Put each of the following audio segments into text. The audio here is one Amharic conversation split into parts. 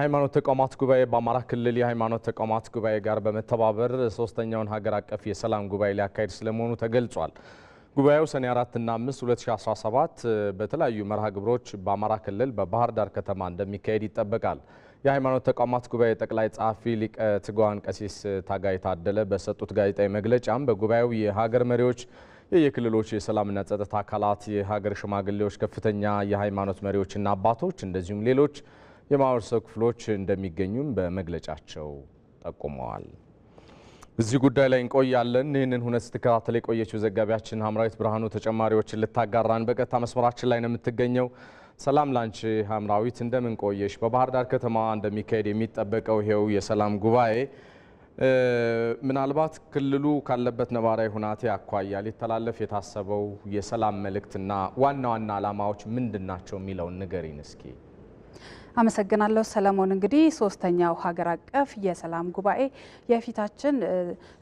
የሃይማኖት ተቋማት ጉባኤ በአማራ ክልል የሃይማኖት ተቋማት ጉባኤ ጋር በመተባበር ሶስተኛውን ሀገር አቀፍ የሰላም ጉባኤ ሊያካሄድ ስለመሆኑ ተገልጿል። ጉባኤው ሰኔ 4 እና 5 2017 በተለያዩ መርሃ ግብሮች በአማራ ክልል በባህር ዳር ከተማ እንደሚካሄድ ይጠበቃል። የሃይማኖት ተቋማት ጉባኤ ጠቅላይ ጸሐፊ ሊቀ ትጓን ቀሲስ ታጋይ ታደለ በሰጡት ጋዜጣዊ መግለጫም በጉባኤው የሀገር መሪዎች የየክልሎች የሰላምና ጸጥታ አካላት፣ የሀገር ሽማግሌዎች፣ ከፍተኛ የሃይማኖት መሪዎችና አባቶች እንደዚሁም ሌሎች የማህበረሰብ ክፍሎች እንደሚገኙም በመግለጫቸው ጠቁመዋል። እዚህ ጉዳይ ላይ እንቆያለን። ይህንን ሁነት ስትከታተል የቆየችው ዘጋቢያችን ሀምራዊት ብርሃኑ ተጨማሪዎችን ልታጋራን በቀጥታ መስመራችን ላይ ነው የምትገኘው። ሰላም ላንቺ ሀምራዊት፣ እንደምን ቆየሽ? በባህር ዳር ከተማ እንደሚካሄድ የሚጠበቀው ይሄው የሰላም ጉባኤ ምናልባት ክልሉ ካለበት ነባራዊ ሁናቴ አኳያ ሊተላለፍ የታሰበው የሰላም መልእክትና ዋና ዋና ዓላማዎች ምንድን ናቸው የሚለውን ንገሪን እስኪ። አመሰግናለሁ ሰለሞን። እንግዲህ ሶስተኛው ሀገር አቀፍ የሰላም ጉባኤ የፊታችን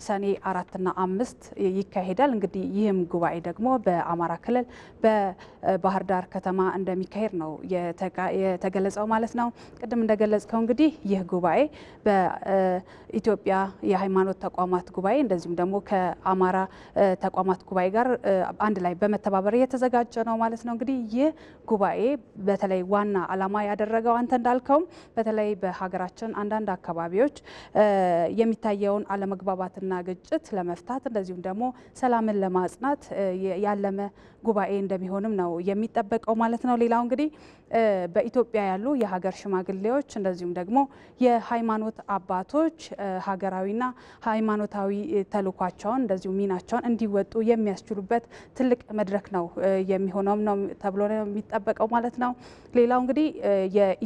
ሰኔ አራትና አምስት ይካሄዳል። እንግዲህ ይህም ጉባኤ ደግሞ በአማራ ክልል በባህር ዳር ከተማ እንደሚካሄድ ነው የተገለጸው ማለት ነው። ቅድም እንደገለጽከው እንግዲህ ይህ ጉባኤ በኢትዮጵያ የሃይማኖት ተቋማት ጉባኤ እንደዚሁም ደግሞ ከአማራ ተቋማት ጉባኤ ጋር አንድ ላይ በመተባበር እየተዘጋጀ ነው ማለት ነው። እንግዲህ ይህ ጉባኤ በተለይ ዋና ዓላማ ያደረገው አንተ እንዳልከውም በተለይ በሀገራችን አንዳንድ አካባቢዎች የሚታየውን አለመግባባትና ግጭት ለመፍታት እንደዚሁም ደግሞ ሰላምን ለማጽናት ያለመ ጉባኤ እንደሚሆንም ነው የሚጠበቀው ማለት ነው። ሌላው እንግዲህ በኢትዮጵያ ያሉ የሀገር ሽማግሌዎች እንደዚሁም ደግሞ የሃይማኖት አባቶች ሀገራዊና ሃይማኖታዊ ተልኳቸውን እንደዚሁ ሚናቸውን እንዲወጡ የሚያስችሉበት ትልቅ መድረክ ነው የሚሆነውም ነው ተብሎ ነው የሚጠበቀው ማለት ነው። ሌላው እንግዲህ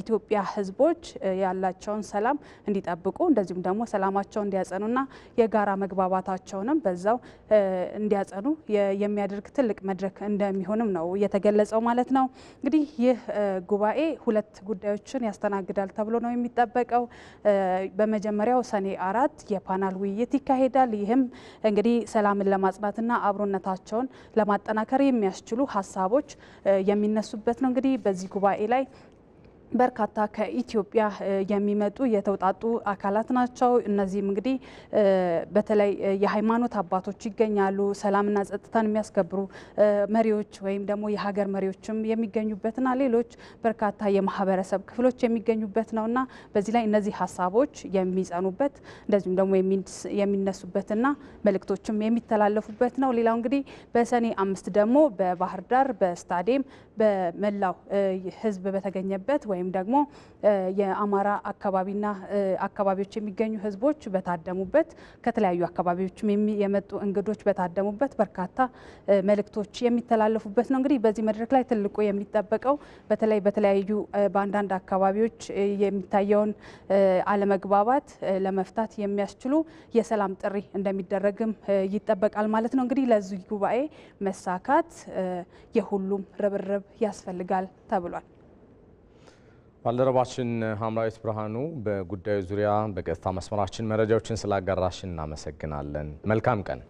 የኢትዮጵያ ህዝቦች ያላቸውን ሰላም እንዲጠብቁ እንደዚሁም ደግሞ ሰላማቸውን እንዲያጸኑና የጋራ መግባባታቸውንም በዛው እንዲያጸኑ የሚያደርግ ትልቅ መድረክ እንደሚሆንም ነው የተገለጸው ማለት ነው። እንግዲህ ይህ ጉባኤ ሁለት ጉዳዮችን ያስተናግዳል ተብሎ ነው የሚጠበቀው። በመጀመሪያው ሰኔ አራት የፓናል ውይይት ይካሄዳል። ይህም እንግዲህ ሰላምን ለማጽናትና አብሮነታቸውን ለማጠናከር የሚያስችሉ ሀሳቦች የሚነሱበት ነው። እንግዲህ በዚህ ጉባኤ ላይ በርካታ ከኢትዮጵያ የሚመጡ የተውጣጡ አካላት ናቸው። እነዚህም እንግዲህ በተለይ የሃይማኖት አባቶች ይገኛሉ። ሰላምና ጸጥታን የሚያስከብሩ መሪዎች ወይም ደግሞ የሀገር መሪዎችም የሚገኙበትና ሌሎች በርካታ የማህበረሰብ ክፍሎች የሚገኙበት ነውና በዚህ ላይ እነዚህ ሀሳቦች የሚጸኑበት እንደዚሁም ደግሞ የሚነሱበትና መልእክቶችም የሚተላለፉበት ነው። ሌላው እንግዲህ በሰኔ አምስት ደግሞ በባህር ዳር በስታዲየም በመላው ህዝብ በተገኘበት ወይም ደግሞ የአማራ አካባቢና አካባቢዎች የሚገኙ ህዝቦች በታደሙበት ከተለያዩ አካባቢዎች የመጡ እንግዶች በታደሙበት በርካታ መልእክቶች የሚተላለፉበት ነው። እንግዲህ በዚህ መድረክ ላይ ትልቁ የሚጠበቀው በተለይ በተለያዩ በአንዳንድ አካባቢዎች የሚታየውን አለመግባባት ለመፍታት የሚያስችሉ የሰላም ጥሪ እንደሚደረግም ይጠበቃል ማለት ነው። እንግዲህ ለዚህ ጉባኤ መሳካት የሁሉም ርብርብ ያስፈልጋል ተብሏል። ባልደረባችን ሀምራዊት ብርሃኑ በጉዳዩ ዙሪያ በቀጥታ መስመራችን መረጃዎችን ስላጋራሽን እናመሰግናለን። መልካም ቀን።